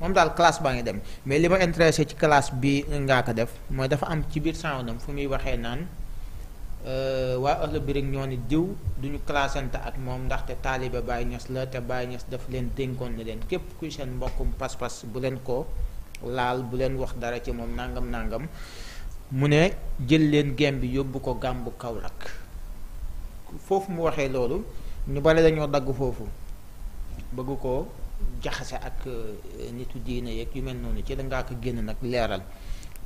moom daal classe baa ngi dem mais li ma intéressé ci classe bi ngaa ko def mooy dafa am ci biir sandam fu muy waxee naan euh, waa ëllëg bi ñoo ni diw duñu classante ak moom ndaxte taalibe Baye Niass la te Baye Niass daf leen dénkoon ne leen képp kuy seen mbokkum pas-pas bu leen ko laal bu leen wax dara ci moom nangam nangam mu ne jël leen gem bi yóbbu ko gàmbu Kaolack foofu mu waxee loolu ñu bari dañoo dagg foofu bëgg ko jaxase ak nit euh, nitu diine yeeg yu mel noonu ci da ngaa ko génn nag leeral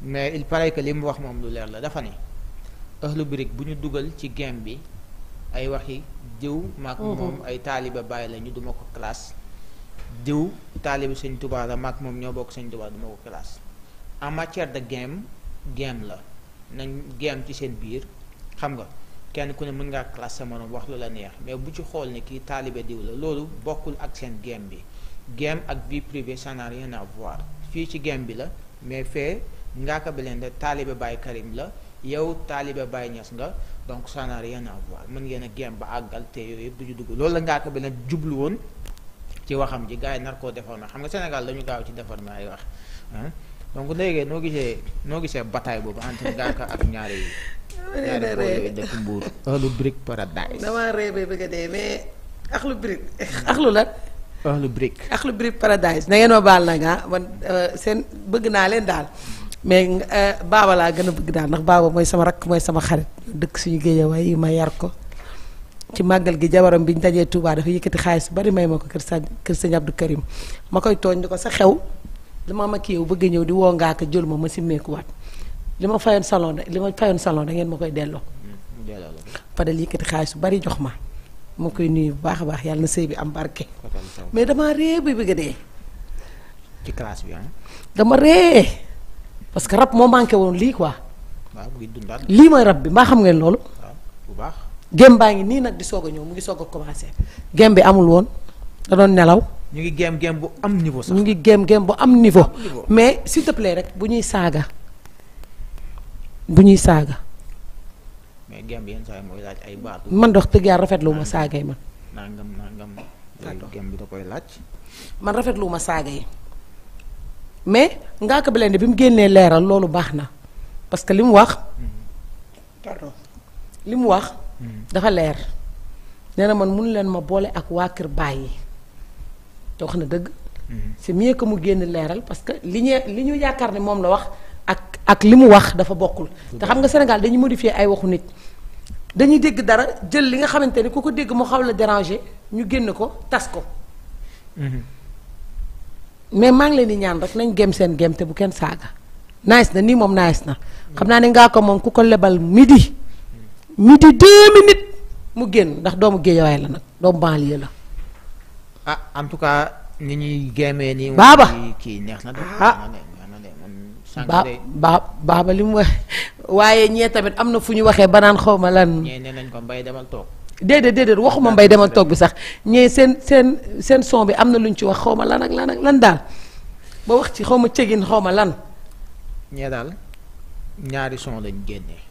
mais il paraît que li mu wax moom lu leer la dafa ne ahlu birik bu ñu dugal ci game bi ay waxi diw maag mm-hmm. moom ay taaliba bàyyi la ñu duma ko classe diw taaliba sëñ Tuubaa la moom ñoo bokk sëñ Tuubaa duma ko classe en matière de game game la na game ci seen biir xam nga kenn ku ne mën ngaa classe sa moroom wax lu la neex mais bu ci xool ne kii taalibe diw la loolu bokkul ak seen game bi game ak vie privée ça n'a rien à voir fii ci game bi la mais fee Ngaaka Blindé taalibe Baye Karim la yow taalibe bay ñas nga donc ça n'a rien à mën ngeen a game ba àggal te yooyu yëpp du ñu dugg loolu la Ngaaka Blindé jublu woon ci waxam ji gaa yi nar koo déformé xam nga Sénégal dañu gaaw ci déformé ay wax donc léegi noo gisee noo gisee bataille boobu entre Ngaaka ak ñaari yi. ñaari boobu yooyu dëkk Mbour. Akhlou Brick Paradise. damaa réer bi bëgg a dee mais la. Akhlou Brick Akhlou Brick Paradise na ngeen ma baal nag ah man euh, seen bëgg naa leen daal mais euh, baaba laa gën a bëgg daal ndax baaba mooy sama rakk mooy sama xarit dëkk suñu géejawaay yi ma yar ko ci màggal gi jabaram bi ñu dajee Touba dafa yëkkati xaalis bari may ma ko kër sa kër sëñ Abdou Karim ma koy tooñ di ko sa xew li ma mag yow bëgg ñëw di woo ngaa jël ma ma simmeekuwaat li ma fayoon salon da li ma fayoon salon da ngeen ma koy delloo. Mm-hmm. delloo la yëkkati xaalis bu bari jox ma. ma koy nuyu bu baax a baax yàlla na sëy bi am barke. mais dama ree buy bëgg dee. ci classe ah? dama ree parce que rab moo manqué woon lii quoi. lii mooy rab bi mbaa xam ngeen loolu. bu baax. gém baa ngi nii nag di soog a ñëw mu ngi soog a commencé gém bi amul woon da doon nelaw. ñu ngi gém gém bu am niveau sax. ñu gém gém bu am niveau. mais s'il te plaît rek bu ñuy saaga bu ñuy saaga. mais gem bi yenn saa ay baatu. man dox tëgg rafet lu ma saaga yi man. nangam nangam. gem bi da koy laaj. man rafetlu ma saaga yi mais Ngaaka Blindé bi mu génnee leeral loolu baax na parce que li mu wax. Mm-hmm. li mu wax. Mm-hmm. dafa leer nee na man mun leen ma boole ak waa kër bàyyi te wax na dëgg. Mm-hmm. c'est mieux que mu génn leeral parce que li ñu li ñu yaakaar ne moom la wax ak ak li mu wax dafa bokkul te xam nga Sénégal dañuy modifier ay waxu nit dañuy dégg dara jël li nga xamante ni ku ko dégg mu xaw la déranger ñu génn ko tas ko. Mm-hmm. mais maa ngi leen di ñaan rek nañ gém seen gem te bu kenn saaga. nice na nii moom nice na. xam naa ne ngaa ko moom ku ko lebal midi. midi deux minutes mu génn ndax doomu géejawaay la nag doomu banlieue la. ah en tout cas ni ñuy gémmee nii. baaba kii neex na de. Ah. ba ba baaba li mu wax waaye ñee tamit am na fu ñu waxee banaan xaw ma lan. ñee nee nañ ko mbay demal toog. déedéet déedéet waxuma mbay demal toog bi sax ñee seen seen seen son bi am na lu ñu ci wax xaw ma lan ak lan ak lan daal ba wax ci xaw ma cegin xaw ma lan. ñee daal ñaari son lañ génnee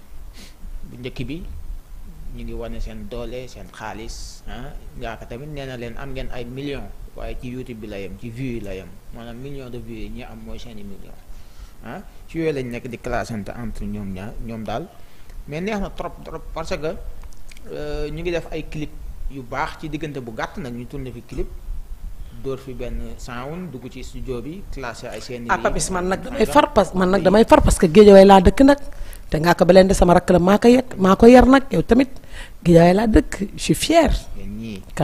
bu njëkk bi ñu ngi wane seen doole seen xaalis ah ngaaka tamit nee na leen am ngeen ay millions waaye ci YouTube bi la yem ci view yi la yem maanaam millions de vues yi ñi am mooy seeni millions. ah ci yooy lañ nekk di classante entre ñoom ñaar ñoom daal mais neex na trop trop parce que euh, ñu ngi def ay clip yu baax ci diggante bu gàtt nag ñu tourné fi clip dóor fi benn sound dugg ci studio bi classé ay seen ah papis man nag damay far parce man nag damay far parce que géejawaay laa dëkk nag te ngaa ko beleen de sama rakk la maa ko yet maa ko yar nag yow tamit géejawaay laa dëkk je suis fier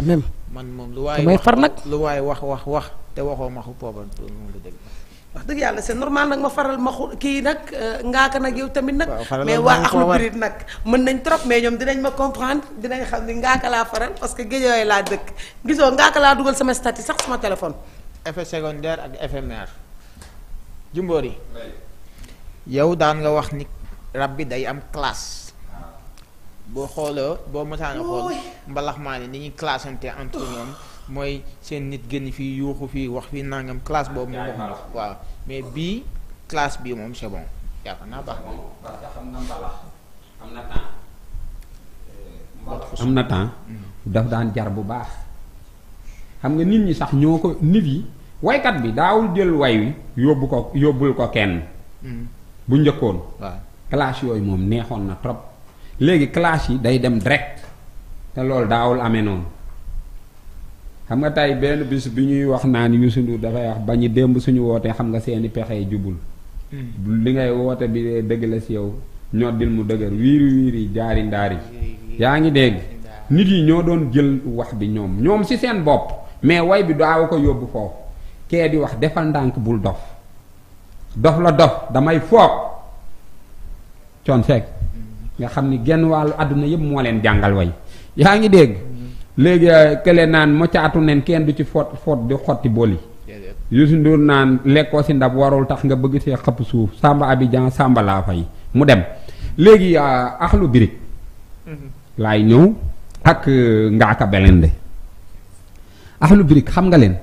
même man moom lu waay damay far nag lu waay wax wax wax te waxoo maxu poobar moom la dëgg wax dëgg yàlla c'est normal nag ma faral ma xu kii nag euh, ngaaka nag yow tamit nag mais waa axlu birit nag mën nañ trop mais ñoom dinañ ma comprendre dinañ xam ni ngaaka laa faral parce que géejooy laa dëkk gisoo ngaaka laa dugal sama statut sax sama téléphone effet secondaire ak éphémère jumboor yi yow daan nga wax ni rab bi day am classe ah. boo xooloo boo mësaana xool mbalax maa ni ñuy classante entre ñoom mooy seen nit génn fii yuuxu fii wax fii nangam classe boobu moom waaw mais bii classe bii moom c'est bon yaakaar naa baax na. na temps. Hmm. Euh, hmm. daf daan jar bu baax. xam nga nit ñi sax ñoo ko nit yi woykat bi daawul jël way wi yóbbu ko yóbbul ko kenn. Hmm. bu njëkkoon. waaw yooyu moom neexoon na trop. léegi classe yi day dem direct te loolu daawul amee noonu. xam nga tey benn bis bi ñuy wax naa naan Youssou Ndour dafay wax bañu démb suñu wootee xam nga seeni pexe jubul. Hmm. li ngay woote bi dëgg la si yow ñoddil mu dëgër wiiri wiiri jaari ndaari. yaa ngi dégg nit yi ñoo doon jël wax bi ñoom ñoom si seen bopp mais woy bi daaw ko yóbbu foofu kee di wax defal ndànk bul dof dof la dof damay foog coon fekk nga xam ni genn wàllu àdduna yëpp moo leen jàngal way yaa ngi dégg. léegi euh, kële naan moccaatu nen kenn du ci fot fot di xotti bool yi Youssou Ndour naan lekkoo si ndab warul tax nga bëgg see xëpp suuf Samba Abidjan Samba laa fay mu dem léegi euh, axlu birig mm-hmm. laay ñëw ak euh, ngaaka belende axlu birig xam nga leen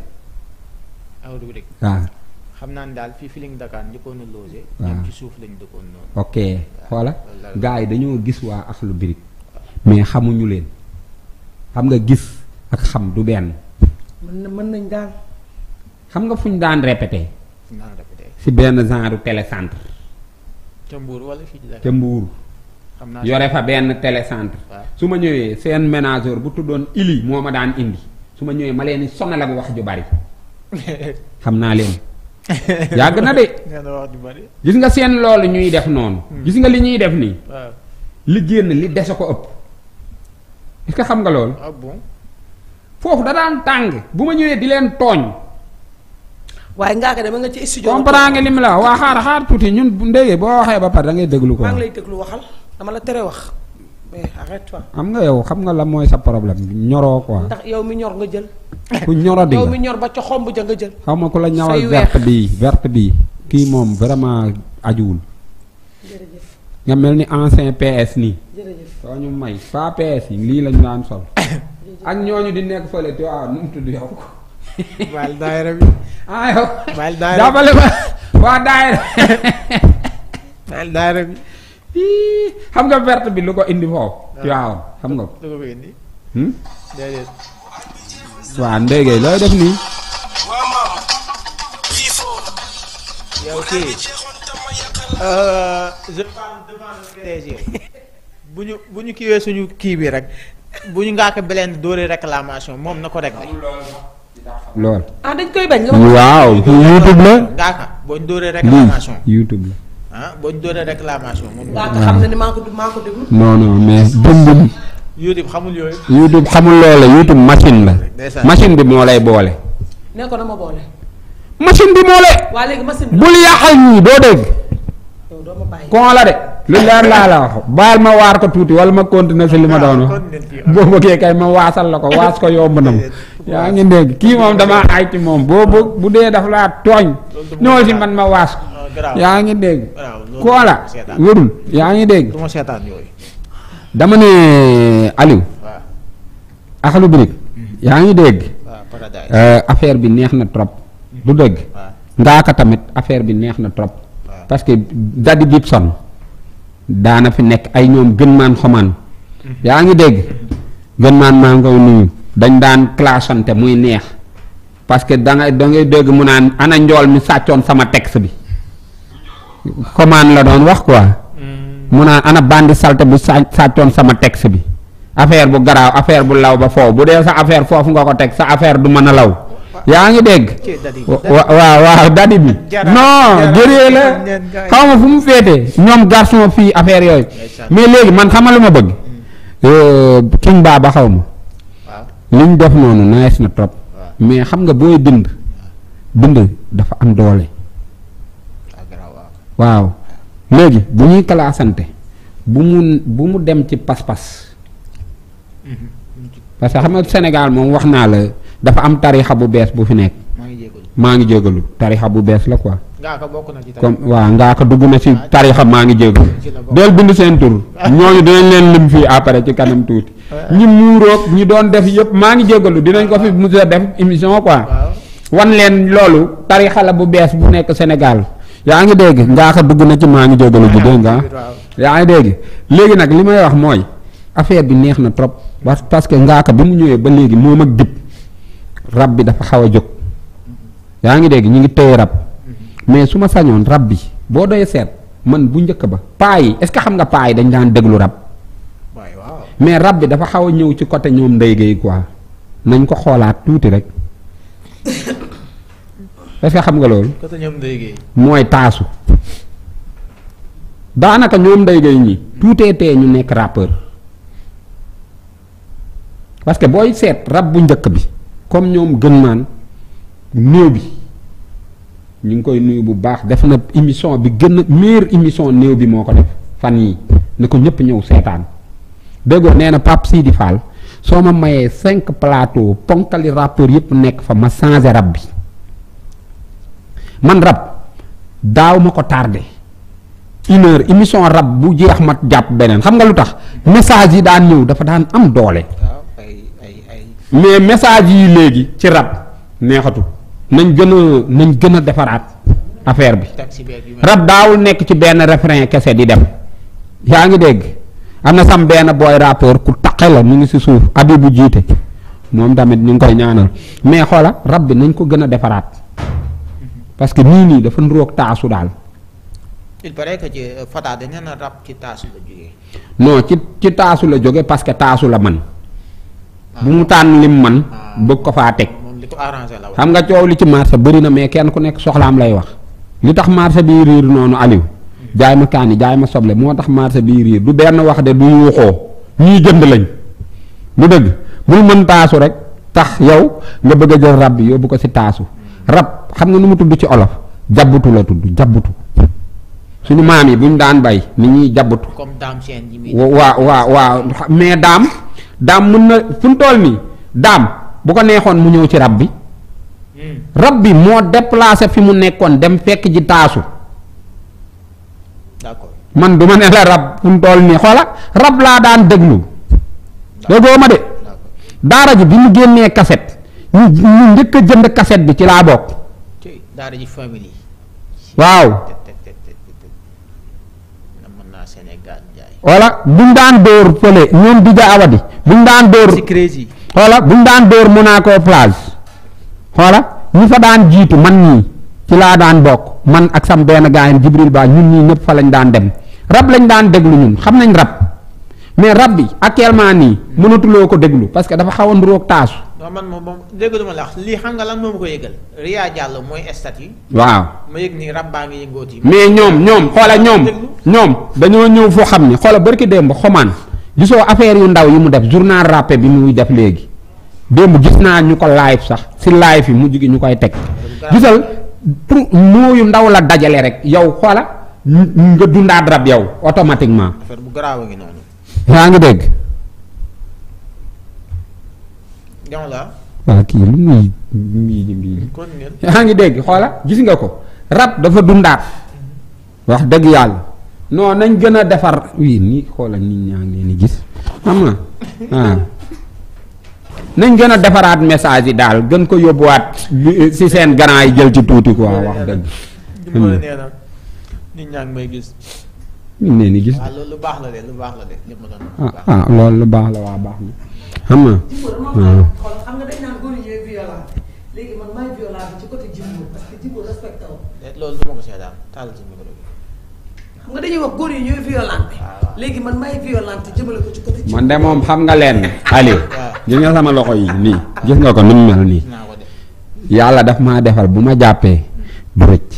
axlu naa ne daal fii Feeling Dakar njëkkoon a logé suuf lañ dëkkoon ok xoola gars yi dañoo gis waa axlu birig mais xamuñu leen xam nga gis ak xam du benn. mën na mën nañ daal. xam nga fu ñu daan répété. si benn genre télécentre. ca Mbour wala fii ca Mbour. yore fa benn télécentre. su ma ñëwee seen ménageur bu tuddoon Ili moo ma daan indi su ma ñëwee ma leen sonal ak wax ju bari xam naa leen. yàgg na de. gis nga seen loolu ñuy def noonu. Hmm. gis nga li ñuy def nii. li génn li dese ko ëpp. est xam nga loolu. ah bon foofu da daan tàng bu ma ñëwee di leen tooñ. waaye ngaa ko dama nga ci studio. comprend nga li mu la waa xaar xaar tuuti ñun ndéggee boo waxee ba pare da ngay déglu ko. maa lay déglu waxal dama la tere wax. mais arrête toi. xam nga yow xam nga la mooy sa problème ñoroo quoi. ndax yow mi ñor nga jël. ku ñoro di yow ñor ba ca xomb ja nga jël. xaw ma ku la ñawal verte bi vert bi kii moom vraiment ajuwul. nga mel ni ancien PS nii. soo ñu may waa PS yi lii lañu naan sol ak ñooñu di nekk fële te waaw nu mu tudd yow ko baal daayira bi xam nga verte bi lu ko indi foofu ah. waaw xam nga ko lu ko hmm? waa ndéegéey looy def nii bu ñu bu ñu kiiwee suñu kii bi rek bu ñu ngaa ko beleen dóoree réclamation moom na ko rek. lool. ah dañ koy waaw YouTube la. ngaa boo ñu dóoree réclamation YouTube la. ah boo ñu doonee YouTube xamul yooyu. YouTube YouTube machine la. machine bi moo lay boole. machine bi moo lay. bi bul yàqal ñii doo dégg. yow la de. lu leer laa la wax baal ma waar ko tuuti wala ma continuer si li ma doon wax boo bëggee kay ma waasal la ko waas ko yomb na ma yaa ngi dégg kii moom damaa ay ci moom boo bëgg bu dee daf laa tooñ ñoo si man ma waas ko yaa ngi dégg koola wërul yaa ngi dégg dama ne Aliou axalu birig mm-hmm. yaa ngi dégg euh, affaire bi neex na trop du dégg ngaaka tamit affaire bi neex na trop parce que Daddy Gibson daana fi nekk ay ñoom gën maan xomaan yaa ngi dégg gën maan maa ngi koy nuyu dañ daan clashante muy neex parce que da da ngay dégg mu naan ana njool mi sàccoon sama tex bi xomaan la doon wax quoi mm. mu naan ana bandi salte bu sàccoon sama tex bi affaire bu garaaw affaire bu law ba foofu bu dee sa affaire foofu nga ko teg sa affaire du mën a law yaa ngi dégg waaw waaw dadi bi non gëree la xaw ma fu mu féete ñoom garçon fii affaire yooyu mais léegi man xamal lu ma bëgg mm. euh, king baa na trop mais xam nga booy bind bind dafa am doole ah, waaw léegi bu ñuy kalaasante bu mu bu mu dem ci pas-pas mm-hmm. parce que xam nga moom wax naa la dafa am tarixa bu bees bu fi nekk. maa ngi jégalu tarixa bu bees la quoi. comme waaw ngaa dugg na ci tarixa maa ngi jégalu. del bind seen tur ñooñu dinañ leen lim fii après ci kanam tuuti. ñi muuroog ñi doon def yëpp maa ngi jégalu dinañ ko fi mu a def émission quoi. wan leen loolu tarixa la bu bees bu nekk Sénégal. yaa ngi dégg ngaa dugg na ci maa ngi jégalu ji dégg nga ah. yaa ngi dégg léegi nag li may wax mooy affaire bi neex na trop parce que ngaa ko bi mu ñëwee ba léegi moom ak dib rab bi dafa xaw a jóg yaa ngi dégg ñu ngi téye rab mais su ma sañoon rab bi boo doyee seet man bu njëkk ba paa yi est-ce que xam nga paa yi dañ daan déglu rab mais rab bi dafa xaw a ñëw ci côté ñoom ndey géey quoi nañ ko xoolaat tuuti rek est xam nga loolu. côté ñoom mooy taasu daanaka ñoom ndey géey ñi tuutee tee ñu nekk rappeur parce que booy seet rab bu njëkk bi. comme ñoom gën maan néew bi ñu ngi koy nuyu bu baax def na émission bi gën a meilleure émission néew bi moo ko def fan yi na ko ñëpp ñëw seetaan déggoo nee na Pape Sidi Fall soo ma mayee cinq palaato ponkali rappeur yëpp nekk fa ma changé rab bi man rab daaw ma ko tardé une heure émission rab bu jeex ma jàpp beneen xam nga lu tax message yi daan ñëw dafa daan am doole mais message yi léegi ci rab neexatu nañ gën a nañ gën a defaraat affaire bi rab daawul nekk ci benn refrain kese di dem yaa ngi dégg am na sam benn booy rappeur mu ngi si suuf Abibu jiite moom tamit ñu ngi koy ñaanal mais xoola rab bi nañ ko gën a defaraat parce que nii nii dafa nroog taasu daal. il paraît que ci euh, Fata dañ ci taasu la taasu la jóge parce que taasu la man bu mu tànn lim man ah. bëgg ko faa teg xam nga coow li ci marché bëri na mais kenn ku nekk soxlaam lay wax li tax marché bii riir noonu Aliou hmm. jaay ma kaani jaay ma soble moo tax marché bii riir du benn wax de du yuuxoo ñuy jënd lañ lu dëgg bul mën taasu rek tax yow nga bëgg a jël rab bi yóbbu ko si taasu rab xam nga nu mu tudd ci olof jabbutu la tudd jabbutu suñu maam yi buñ daan bay ni ñuy jabbutu. comme daam waa waa waa mais daam. daam mun na fu mu toll nii daam bu ko neexoon mu ñëw ci rab bi hmm. rab bi moo déplacé fi mu nekkoon dem fekk ji taasu d'accord man du ma ne la rab fu mu toll nii xoola rab laa daan déglu déggoo ma de daara ji bi mu génnee kaset ñu ñu njëkk jënd kaset bi ci laa bokk daara waaw voilà buñ daan dóor fële ñoom di ja abadi buñ daan dóor bu ñu daan dóor Monaco plage xoola ñu fa daan jiitu man ñii ci laa daan bokk man ak sam benn gaayan Jibril Ba ñun ñii ñëpp fa lañ daan dem rab lañ daan déglu ñun xam nañ rab mais rab bi actuellement nii mënatuloo ko déglu parce que dafa xaw a taasu non man moom moom déggaluma la lii xam nga lan moom ko yëgal. Ria Diallo mooy estat yi. waaw ma rab baa ngi yëngooti. mais ñoom ñoom xoola ñoom. ñoom dañoo ñëw foo xam ne xoola barki démb xomaan gisoo affaire yu ndaw yi mu def journal rappé bi muy def léegi démb gis naa ñu ko live sax si live yi mujj gi ñu koy teg. gisal pour yu ndaw la dajale rek yow xoola nga dundaat rab yow automatiquement. affaire bu garaaw ngi noonu. yaa ngi dégg. waaw ah, kii lu muy mii mii yaa ngi dégg xoola gis nga ko rab dafa dundaat wax dëgg yàlla non nañ gën a defar wii nii xoola nit ñaa ngi leen gis xam nga ah. nañ gën a defaraat message yi daal gën ko yóbbuwaat si seen grand yi jël ci tuuti quoi wax dëgg nit ñaa ngi may gis nit ah, lu baax la de baax la loolu lu baax la waa baax na xam nga man de moom xam nga leen Aliou. Ah. gis sama loxo yi nii gis nga ko nu mu mel nii. yàlla daf maa defal bu ma jàppee du rëcc.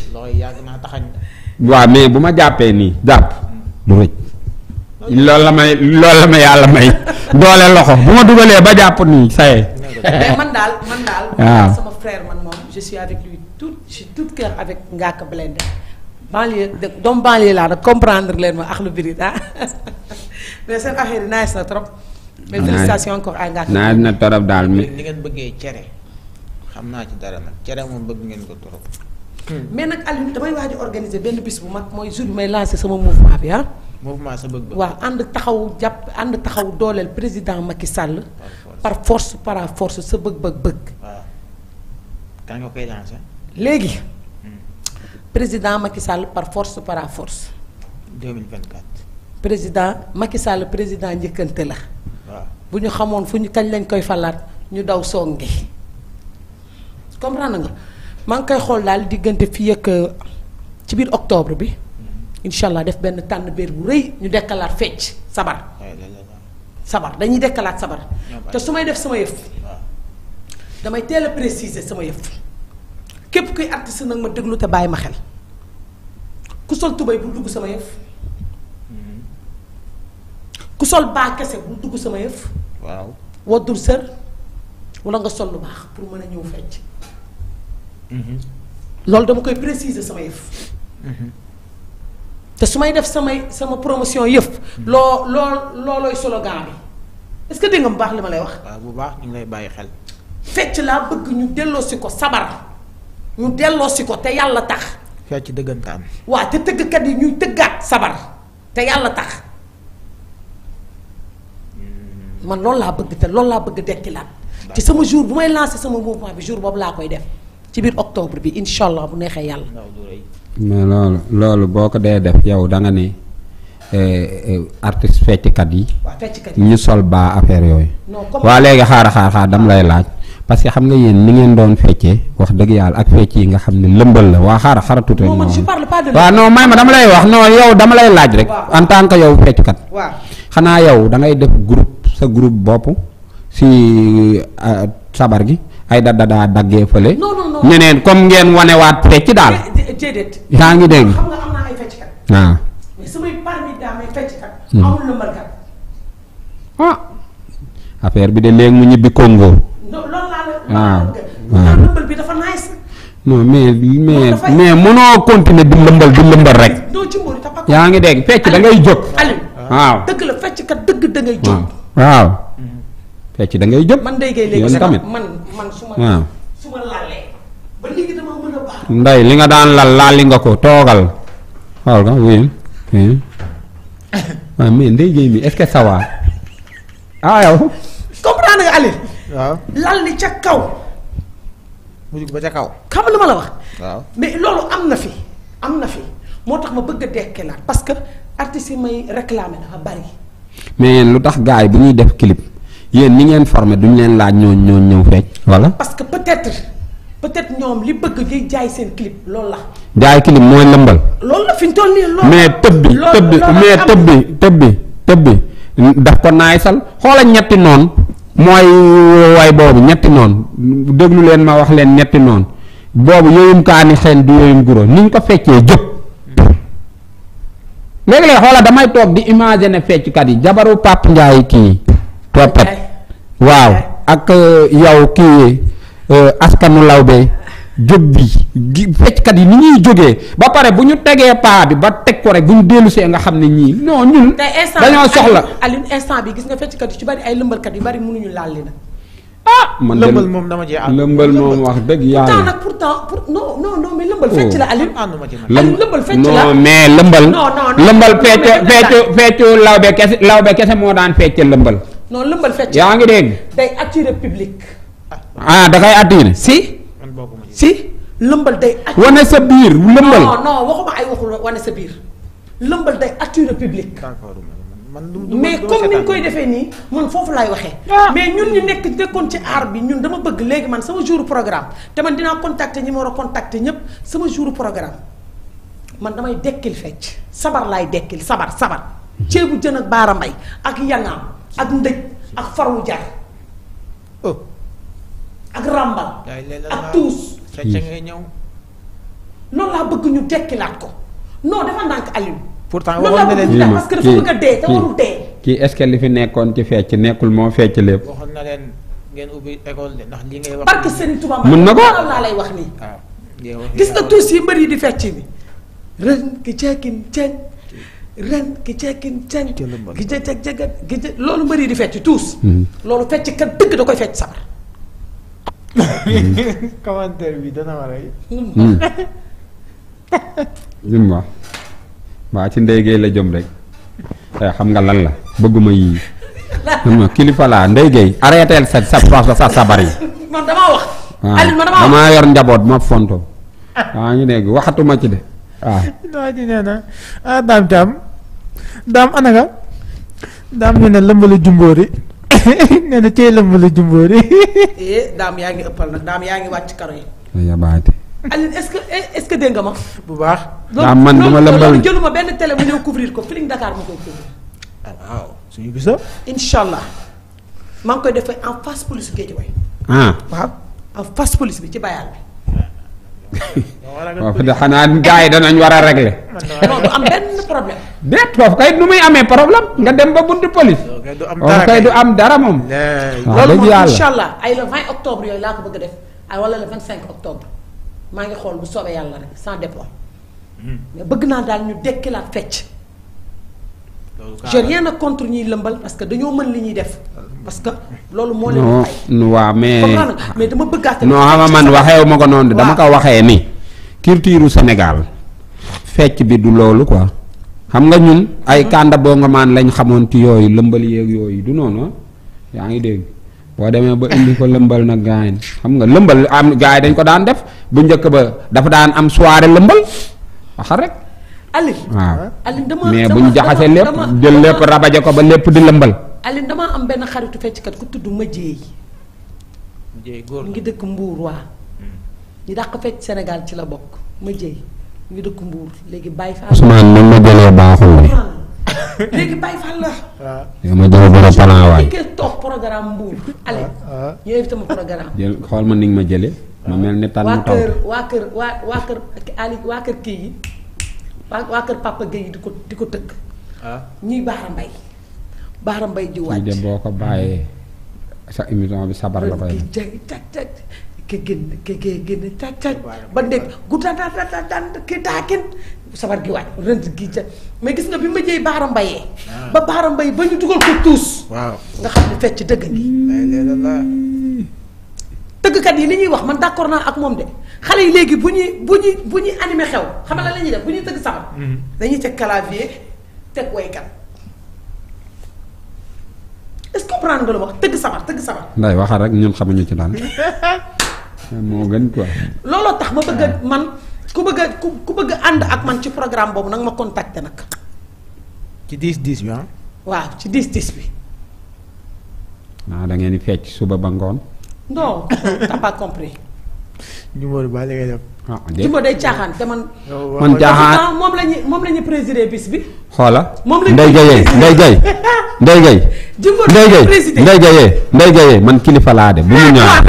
waaw mais bu ma jàppee nii jàpp du rëcc. loolu la may lool la ma yàlla may doole loxo bu ma dugalee ba jàpp nii saye man daal man daal. waaw sama frère man moom je avec lui tout je tout cœur avec Ngaaka Blindé banlieue doomu banlieue laa nag comprendre leen ma Akhlou Brick ah naa seen affaire yi nice na trop. mais félicitations encore à Ngaaka. nice na trop daal mais. ni ngeen bëggee cere xam naa ci dara nag cere moom bëgg ngeen ko trop. mais nag Alioune damay waaj a benn bis bu mag mooy jour bi may lancer sama mouvement bi ah. mouvement sa waaw ànd taxaw jàpp ànd taxaw dooleel président Macky Sall. par force par force sa bëgg-bëgg bëgg. léegi hmm. président Macky Sall par force par force. 2024. président Macky Sall président njëkkante la. bu ñu xamoon fu ñu kañ lañ koy falaat ñu daw songi comprendre nga. maa ngi koy xool daal diggante fii ak euh, ci biir octobre bi mm-hmm. incha allah def benn tànn béer bu rëy ñu dekkalaat fecc sabar sabar dañuy dekkalaat sabar te su may def sama yëf damay teel a préciser sama yëf képp kuy artiste nag ma déglu te bàyyi ma xel ku sol tubéy bu dugg sama yëf mm-hmm. ku sol baa kese bu dugg sama yëf waaw waddul sër wala nga sol lu baax pour mën a ñëw fecc Mm-hmm. loolu dama koy préciser sama yëf. Mm-hmm. te su may def samay sama promotion yëf. Mm-hmm. loo lool loolooy slogan bi est que dégg nga bu baax li ma lay wax. bu baax ñu ngi bàyyi xel. fecc laa bëgg ñu delloosi ko sabar ñu delloosi ko te yàlla tax. fecc dëggantaan. waaw te tëggkat yi ñuy tëggaat sabar te yàlla tax man loolu laa bëgg te loolu laa bëgg dekkilaat. te sama jour bu may lancer sama mouvement bi jour boobu laa koy def. ci biir octobre bi incha allah bu neexee yàlla. mais loolu loolu boo ko dee def yow da nga ne eh, eh, artiste fecckat yi. ñu sol baa affaire yooyu. waa léegi xaar xaar xaar dama lay laaj. parce que xam nga yéen ni ngeen doon feccee wax dëgg yàlla ak fecc yi nga xam ne lëmbal la waa xaara xaara tuuti rek. non man je parle pas may ma dama lay wax noo yow dama lay laaj rek. en tant que yow fecckat. waaw xanaa yow da def groupe sa groupe bopp si euh, sabar gi. ay da dadaa daggee fële. ñeneen comme ngeen wanewaat fecc daal. Eh, eh, déedéet. yaa ngi dégg. waaw. Ah. mais hmm. ah. bi de léegi mu ñibbi Congo. loolu laa la. waaw ah. lëmbal mais mais mais mënoo continuer di lëmbal di lëmbal rek. yaa ngi dégg fecc da ngay jóg. waaw fecc kat ngay jóg. waaw. Hmm. fecc man su lalee ba léegi dama mën a baax. nday li nga daan lal laali nga ko toogal. xool nga waaw ah, mais Ndeye Gueye mi est-ce que ça va ah yow. ca kaw. mu lu ma la wax. mais loolu am na fi am na fi moo tax ma bëgg a dekkilaat parce que artistes yi may réclamer dafa bari. mais lu tax gars yi bu ñuy def clip. yéen ni ngeen formé duñ leen laaj ñoo ñoo ñëw fecc voilà parce que peut-être peut-être ñoom li bëgg ngay jaay seen clip loolu la. jaay clip mooy lëmbal. mais tëb bi tëb bi mais tëb bi tëb bi tëb bi daf ko naay sal xoola ñetti noon mooy way boobu ñetti noon déglu leen ma wax leen ñetti noonu boobu yooyum kaani xeen du yooyum guro ni ñu ko feccee jóg léegi-léeg xoola damay toog di ne fecckat yi jabaru Pape Ndiaye kii. trois eh. waaw eh. ak eh, yow kii askanu lawbe jóg bi fecckat yi ni ñuy jógee ba pare bu ñu tegee paa bi ba teg ko rek bu ñu dellu see nga xam ne ñii non ñun. dañoo soxla Alioune instant bi gis nga fecckat yu ci bari ay lëmbalkat yu bari mënuñu laal li na ah moom dama cee ànd. lëmbal moom wax dëgg yàlla pourtant nag pourtant pour non non non mais lëmbal fecc la oh. fecc la non mais lëmbal. non non lëmbal fecc fecc fecc lawbe kese lawbe kese moo daan fecc lëmbal. noonu lëmbal fecc. yaa ngi dégg. day attirer public. ah da koy attirer si. si. lëmbal day. attirer wane sa biir lëmbal. non non waxuma ay waxul wane sa biir. lëmbal day attirer public. mais comme ni ñu koy defee nii mun foofu laay waxee. Ah. mais ñun ñu nekk nekkoon ci aar bi ñun dama bëgg léegi man sama jour programme te man dinaa contacter ñi ma war a contacter ñëpp sama jour programme man damay dekkil fecc sabar laay dekkil sabar sabar. Mhm. ceebu jën ak baara mbay ak yangaam ak ndëj ak faru jar. Oh. ak ràmbal. ak tuus. ca ñëw. loolu laa bëgg ñu tekkilaat ko non dafa ndànk Aliou. na leen parce que dafa bëgg a dee kii est li fi nekkoon ci fecc nekkul moo fecc lépp. waxoon na ubbi école de ndax li ngay seen tubaab mën na ko laa lay wax nii. Ah, gis nga tuus yi mbër di fecc bi ren ki ceekin ceeñ ren ki cee kin loolu mbëri di fecc tous hmm. loolu fecc kat dëgg da koy fecc sabar commentaire bi hmm. la jëm rek eh, xam nga lan la bëgguma yii ma kilifa laa ndeygay arrêteel sa sa yi ah, man damaa wax damaa yor njaboot ma fonto waa ngi dégg waxatuma ci de ah. waa ji nee na ah daam daam anaka daam nee na lëmbalu jumboori nee na cee lëmbalu jumboori. eh daam yaa ngi ëppal nag daam yaa ngi wàcc karo yi. yabaate. Aline est-ce que eh, est-ce que dégg nga ma. bu baax. daam man du ma lëmbal loolu jëluma benn télé mu ñëw couvrir ko Feeling Dakar mu koy couvrir. waaw suñu bisa. incha maa ngi koy defee en face police Guédiawaye. ah waaw bi ci bayaal bi. waaw xanaa gars yi danañ war a régler. non du am benn problème. déet foofu kay nu muy amee problème nga dem ba buntu police. foofu kay du am dara moom. Eh, waaw loolu moom incha allah ay le 20 octobre yooyu laa ko bëgg a def ay ah, wala le 25 octobre maa ngi xool bu soobee yàlla rek sans dépôt. Hmm. mais bëgg naa daal ñu dekki la fecc. j'ai rien contre ñuy lëmbal parce que dañoo mën li ñuy def. parce que loolu moo mais mais dama bëggaat. non xam nga man waxee ma ko noonu dama ko waxee ni. culture Sénégal fecc bi du loolu quoi xam nga ñun ay mm-hmm. kànda boo nga maan lañ xamoon ci yooyu lëmbal yeeg yooyu du noonu ah? yaa ngi dégg. boo demee ba indi ko lëmbal nag gars xam nga lëmbal am gars yi dañ ko daan def bu njëkk ba dafa daan am soirée lëmbal waxal rek. waaw mais bu ñu jaxasee lépp jël lépp rabaje ko ba lépp di lëmbal. Aline dama am benn xaritu fecckat ku tudd ma jéey mu ngi dëkk mbuur waa hmm. ñu dàq fecc senegal ci la bokk ma jéey mu ngi dëkk mbuur léegi bàyyi Fall Ousmane man ma jëlee baaxul bi léegi ma jëlee programme Mbour Aline ñu invité ma programme ma ni ma ma mel ne tànn taw waa kër waa waa kër Ali waa kër kii yi waa waa kër Papa Gueye di ko di ko tëkk ah. ñuy baax baara mbay ji wàcc boo ko bàyyee sa émission bi sabar la koy ki jagi tag tag ki génn ki génn tag tag ba ndég guddaandaandaandaan ki taakin sabar gi wàcc rënd gi ja mais gis na bi ma jëy baara mbayee ah. ba baara mbay ba ñu dugal ko tuus waaw nga xam ne fecc dëgg ngi tëggkat yi li ñuy wax man d'accord naa ak moom de xale yi léegi bu ñuy bu ñuy bu ñuy animé xew xam nga la la def bu ñuy tëgg sabar mm-hmm. dañuy teg clavier teg waykat est-ce que comprendre nga lu wax tëgg sabar tëgg sabar. nday waxal rek ñun xamuñu ci daan moo gën quoi. looloo tax ma bëgg ah. man ku bëgg a ku bëgg ànd ak man ci programme boobu nag ma contacter nag. ci 10 10 bi ah. waaw ci 10 10 bi. ah da ngeen di fecc suba ba ngoon. non t'as pas Jumbo ba li ngay def. ah Jumbo day caaxaan te man. man caaxaan moom la présider bis bi. xoola moom la ñu présider Ndeye Gueye Ndeye Gueye. man kilifa laa de bu mu eh, ñaar.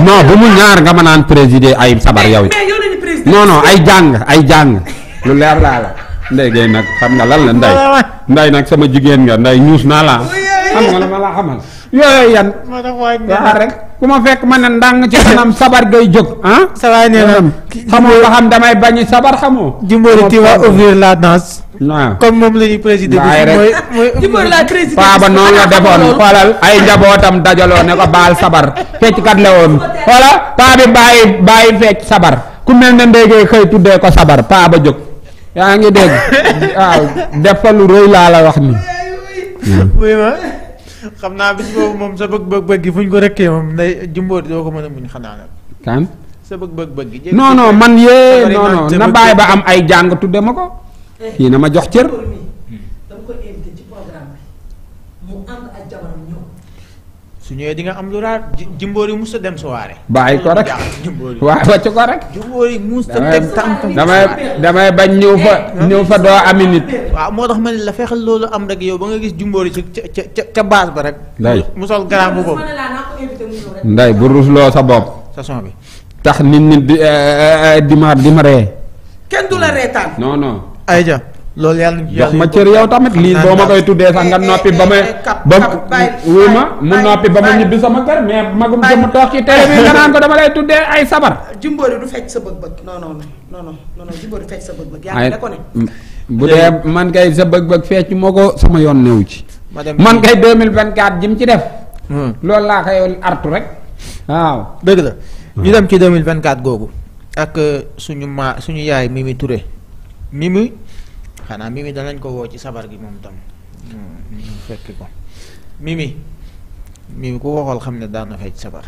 non bu mu ñaar nga ma naan présider ay sabar yow. non non ay jàng ay jàng. lu leer laa la. Ndeye Gueye nag xam nga lal la nday Ndeye nag sama jigéen nga Ndeye ñuus naa la xam nga la ma la xamal. yooyu yan. ma rek. ku ma fekk ma ne ndàng ci kanam sabar gay jóg ah. sa waay nee xamoo ba xam damay bañi sabar xamoo. Jimbori noonu la defoon xoolal ay njabootam dajaloo ne ko baal sabar fecc kat la woon xoola paa bàyyi bàyyi fecc sabar ku mel ne ndéegee xëy tuddee ko sabar paa jóg yaa ngi dégg waaw def ko lu rëy laa la wax nii. xam naa bis boobu moom sa bëgg-bëgg gi fu ñu ko rekkee moom nday jumboori doo ko mën a muñ xanaa nag. kan. sa bëgg-bëgg non non man yee non non na bàyyi ba am ay jàng tudde ma ko. kii na ma jox cër. su ñëwee di nga am lu raar jimboori musta dem soirée. bàyyi ko rek waaw wàcc ko rek. jimboori musta dem tànk damay damay bañ ñëw fa ñëw fa doo ami nit. waaw moo tax ma ne la fexeel loolu am rek yow ba nga gis jimboori ci ca ca ca base ba rek. nday mu sol garaam bu ko. nday bu rusloo sa bopp. façon bi. tax nit nit di eh, eh, eh, di ma di ma ree. kenn du la reetaan. non non. loolu yàlla jox ma cër yow tamit lii boo ma koy tuddee sax nga noppi ba ma ba wuy ma mu noppi ba ma ñibbi sama kër mais magum mu toog ci télé bi ko dama lay tuddee ay sabar. Jimbori du fecc sa bëg-bëg non non non sa bëg-bëg. bu dee man kay sa bëg-bëg fecc moo ko sama yoon newu ci. man mille kay ji mu ci def. Hmm. loolu laa koy artu rek waaw. dëgg la hmm. ñu dem ci 2024 googu ak euh, suñu ma suñu yaay Mimi Touré Mimi. xanaa Mimi danañ ko wow ci sabar gi moom tam. ñu fekk ko Mimi Mimi ku ko xool xam ne daan na fecc sabar.